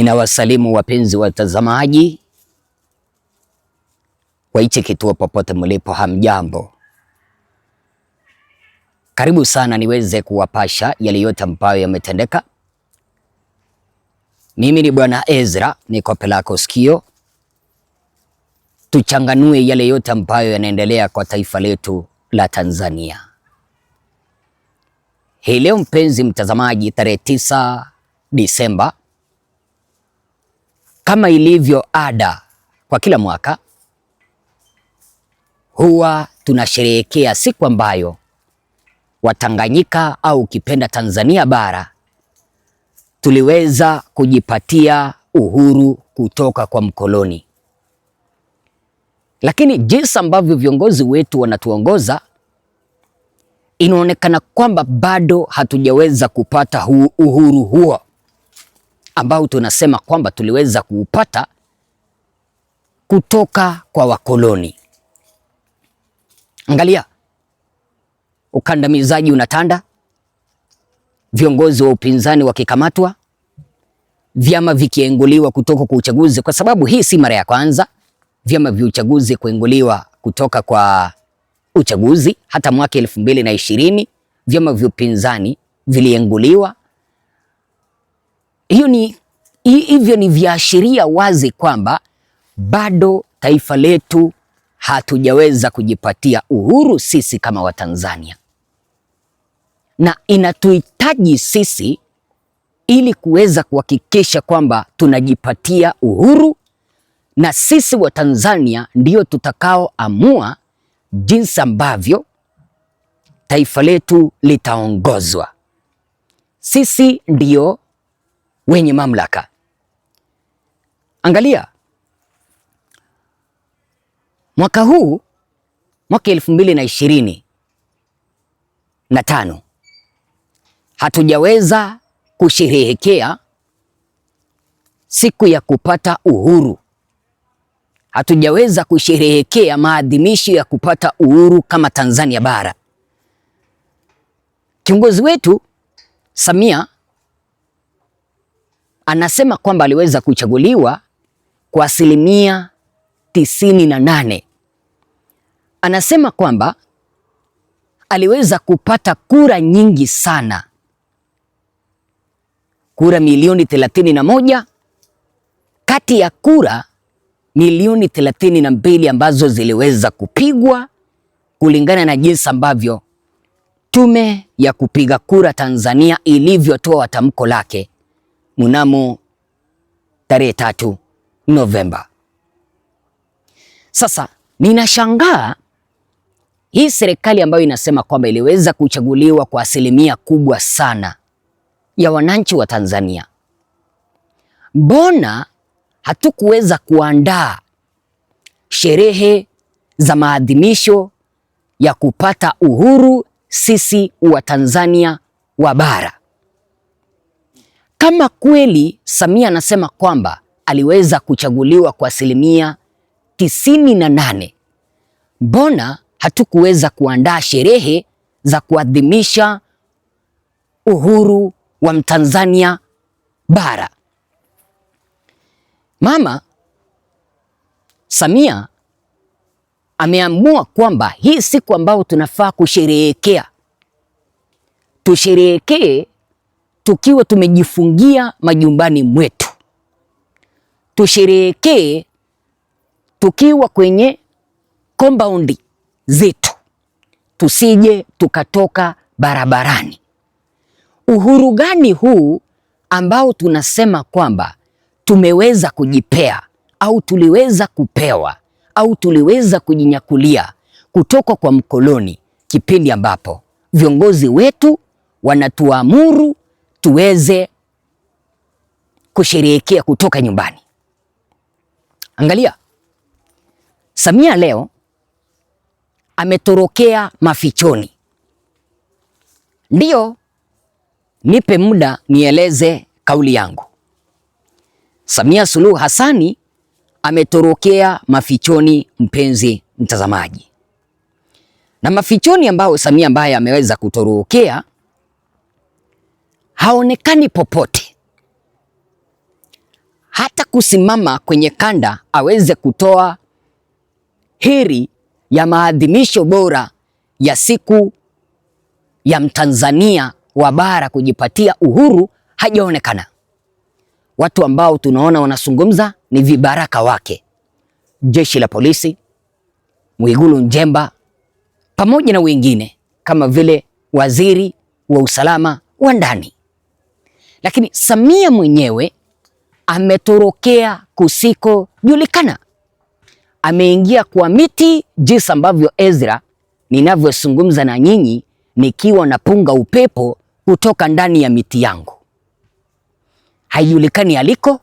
Ninawasalimu wapenzi watazamaji kwa hichi kituo popote mlipo, hamjambo? Karibu sana niweze kuwapasha yale yote ambayo yametendeka. Mimi ni Bwana Ezra, niko pelako sikio, tuchanganue yale yote ambayo yanaendelea kwa taifa letu la Tanzania hii leo. Mpenzi mtazamaji, tarehe 9 Disemba kama ilivyo ada kwa kila mwaka, huwa tunasherehekea siku ambayo Watanganyika au ukipenda Tanzania bara tuliweza kujipatia uhuru kutoka kwa mkoloni. Lakini jinsi ambavyo viongozi wetu wanatuongoza inaonekana kwamba bado hatujaweza kupata uhuru huo ambao tunasema kwamba tuliweza kuupata kutoka kwa wakoloni. Angalia, ukandamizaji unatanda, viongozi wa upinzani wakikamatwa, vyama vikienguliwa kutoka kwa uchaguzi, kwa sababu hii si mara ya kwanza vyama vya uchaguzi kuenguliwa kutoka kwa uchaguzi. Hata mwaka elfu mbili na ishirini vyama vya upinzani vilienguliwa hiyo ni hivyo ni viashiria wazi kwamba bado taifa letu hatujaweza kujipatia uhuru sisi kama Watanzania, na inatuhitaji sisi ili kuweza kuhakikisha kwamba tunajipatia uhuru, na sisi Watanzania ndio tutakaoamua jinsi ambavyo taifa letu litaongozwa. Sisi ndio wenye mamlaka. Angalia mwaka huu, mwaka elfu mbili na ishirini na tano hatujaweza kusherehekea siku ya kupata uhuru, hatujaweza kusherehekea maadhimisho ya kupata uhuru kama Tanzania bara. Kiongozi wetu Samia anasema kwamba aliweza kuchaguliwa kwa asilimia tisini na nane. Anasema kwamba aliweza kupata kura nyingi sana, kura milioni thelathini na moja kati ya kura milioni thelathini na mbili ambazo ziliweza kupigwa kulingana na jinsi ambavyo Tume ya Kupiga Kura Tanzania ilivyotoa tamko lake mnamo tarehe tatu Novemba. Sasa ninashangaa hii serikali ambayo inasema kwamba iliweza kuchaguliwa kwa asilimia kubwa sana ya wananchi wa Tanzania, mbona hatukuweza kuandaa sherehe za maadhimisho ya kupata uhuru sisi wa Tanzania wa bara? Kama kweli Samia anasema kwamba aliweza kuchaguliwa kwa asilimia tisini na nane, mbona hatukuweza kuandaa sherehe za kuadhimisha uhuru wa Mtanzania bara? Mama Samia ameamua kwamba hii siku ambayo tunafaa kusherehekea tusherehekee tukiwa tumejifungia majumbani mwetu, tusherehekee tukiwa kwenye compound zetu, tusije tukatoka barabarani. Uhuru gani huu ambao tunasema kwamba tumeweza kujipea au tuliweza kupewa au tuliweza kujinyakulia kutoka kwa mkoloni, kipindi ambapo viongozi wetu wanatuamuru tuweze kusherehekea kutoka nyumbani. Angalia, Samia leo ametorokea mafichoni. Ndiyo, nipe muda nieleze kauli yangu. Samia Suluhu Hassani ametorokea mafichoni, mpenzi mtazamaji, na mafichoni ambayo Samia ambaye ameweza kutorokea haonekani popote, hata kusimama kwenye kanda aweze kutoa heri ya maadhimisho bora ya siku ya Mtanzania wa bara kujipatia uhuru, hajaonekana. Watu ambao tunaona wanazungumza ni vibaraka wake, jeshi la polisi, Mwigulu Njemba pamoja na wengine kama vile waziri wa usalama wa ndani. Lakini Samia mwenyewe ametorokea kusikojulikana, ameingia kwa miti, jinsi ambavyo Ezra ninavyozungumza na nyinyi nikiwa napunga upepo kutoka ndani ya miti yangu. Haijulikani aliko,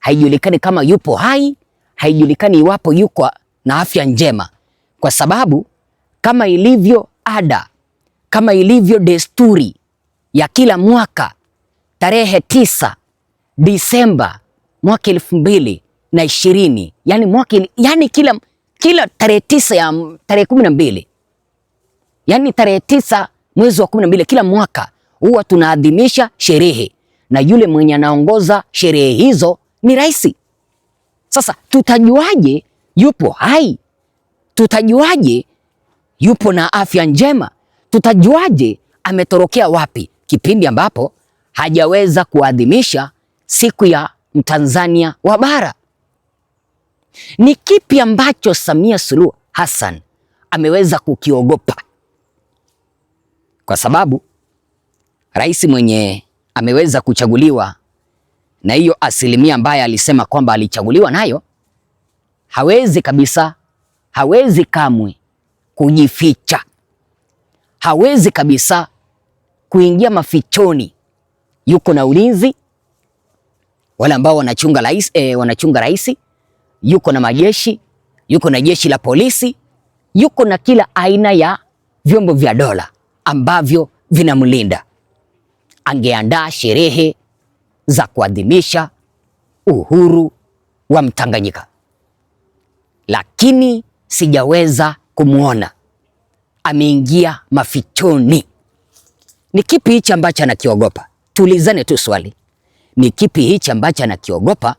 haijulikani kama yupo hai, haijulikani iwapo yuko na afya njema, kwa sababu kama ilivyo ada, kama ilivyo desturi ya kila mwaka tarehe tisa Disemba mwaka elfu mbili na ishirini yani mwaka yani kila, kila tarehe tisa ya tarehe kumi na mbili yani tarehe tisa mwezi wa kumi na mbili kila mwaka huwa tunaadhimisha sherehe na yule mwenye anaongoza sherehe hizo ni rais. Sasa tutajuaje yupo hai? Tutajuaje yupo na afya njema? Tutajuaje ametorokea wapi, kipindi ambapo hajaweza kuadhimisha siku ya Mtanzania wa bara. Ni kipi ambacho Samia Suluhu Hassan ameweza kukiogopa? Kwa sababu rais mwenye ameweza kuchaguliwa na hiyo asilimia ambayo alisema kwamba alichaguliwa nayo, hawezi kabisa, hawezi kamwe kujificha, hawezi kabisa kuingia mafichoni yuko na ulinzi, wale ambao wanachunga rais, eh, wanachunga rais, yuko na majeshi, yuko na jeshi la polisi, yuko na kila aina ya vyombo vya dola ambavyo vinamlinda. Angeandaa sherehe za kuadhimisha uhuru wa Mtanganyika, lakini sijaweza kumwona ameingia mafichoni. Ni kipi hichi ambacho anakiogopa? Tuulizane tu swali, ni kipi hichi ambacho anakiogopa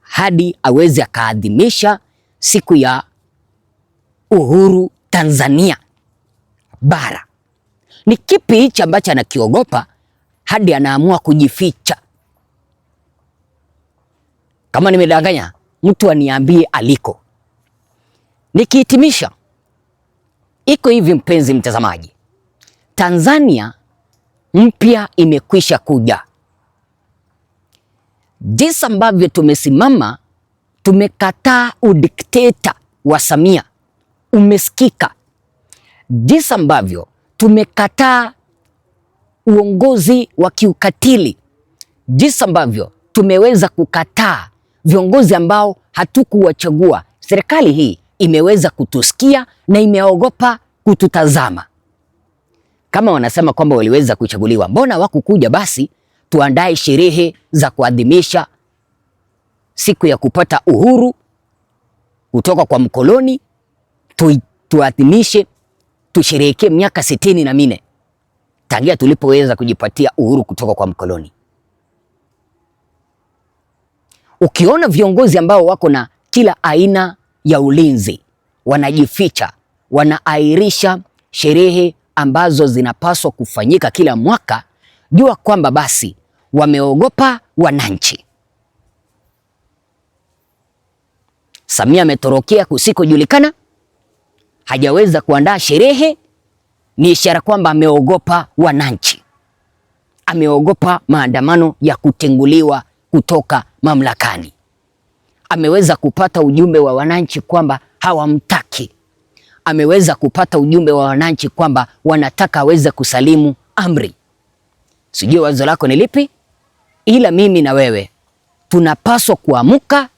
hadi aweze akaadhimisha siku ya uhuru Tanzania bara? Ni kipi hichi ambacho anakiogopa hadi anaamua kujificha? Kama nimedanganya mtu aniambie aliko. Nikihitimisha, iko hivi mpenzi mtazamaji, Tanzania mpya imekwisha kuja. Jinsi ambavyo tumesimama, tumekataa udikteta wa Samia, umesikika. Jinsi ambavyo tumekataa uongozi wa kiukatili, jinsi ambavyo tumeweza kukataa viongozi ambao hatukuwachagua. Serikali hii imeweza kutusikia na imeogopa kututazama kama wanasema kwamba waliweza kuchaguliwa, mbona wakukuja? Basi tuandae sherehe za kuadhimisha siku ya kupata uhuru kutoka kwa mkoloni tu, tuadhimishe tusherehekee miaka sitini na nne tangia tulipoweza kujipatia uhuru kutoka kwa mkoloni. Ukiona viongozi ambao wako na kila aina ya ulinzi wanajificha, wanaairisha sherehe ambazo zinapaswa kufanyika kila mwaka, jua kwamba basi wameogopa wananchi. Samia ametorokea kusikojulikana, hajaweza kuandaa sherehe. Ni ishara kwamba ameogopa wananchi, ameogopa maandamano ya kutenguliwa kutoka mamlakani. Ameweza kupata ujumbe wa wananchi kwamba hawamtaki ameweza kupata ujumbe wa wananchi kwamba wanataka aweze kusalimu amri. Sijui wazo lako ni lipi, ila mimi na wewe tunapaswa kuamka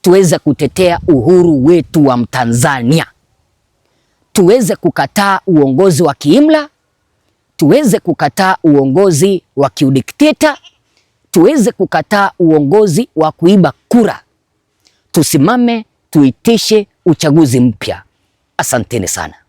tuweze kutetea uhuru wetu wa Mtanzania, tuweze kukataa uongozi wa kiimla, tuweze kukataa uongozi wa kiudikteta, tuweze kukataa uongozi wa kuiba kura. Tusimame tuitishe uchaguzi mpya. Asanteni sana.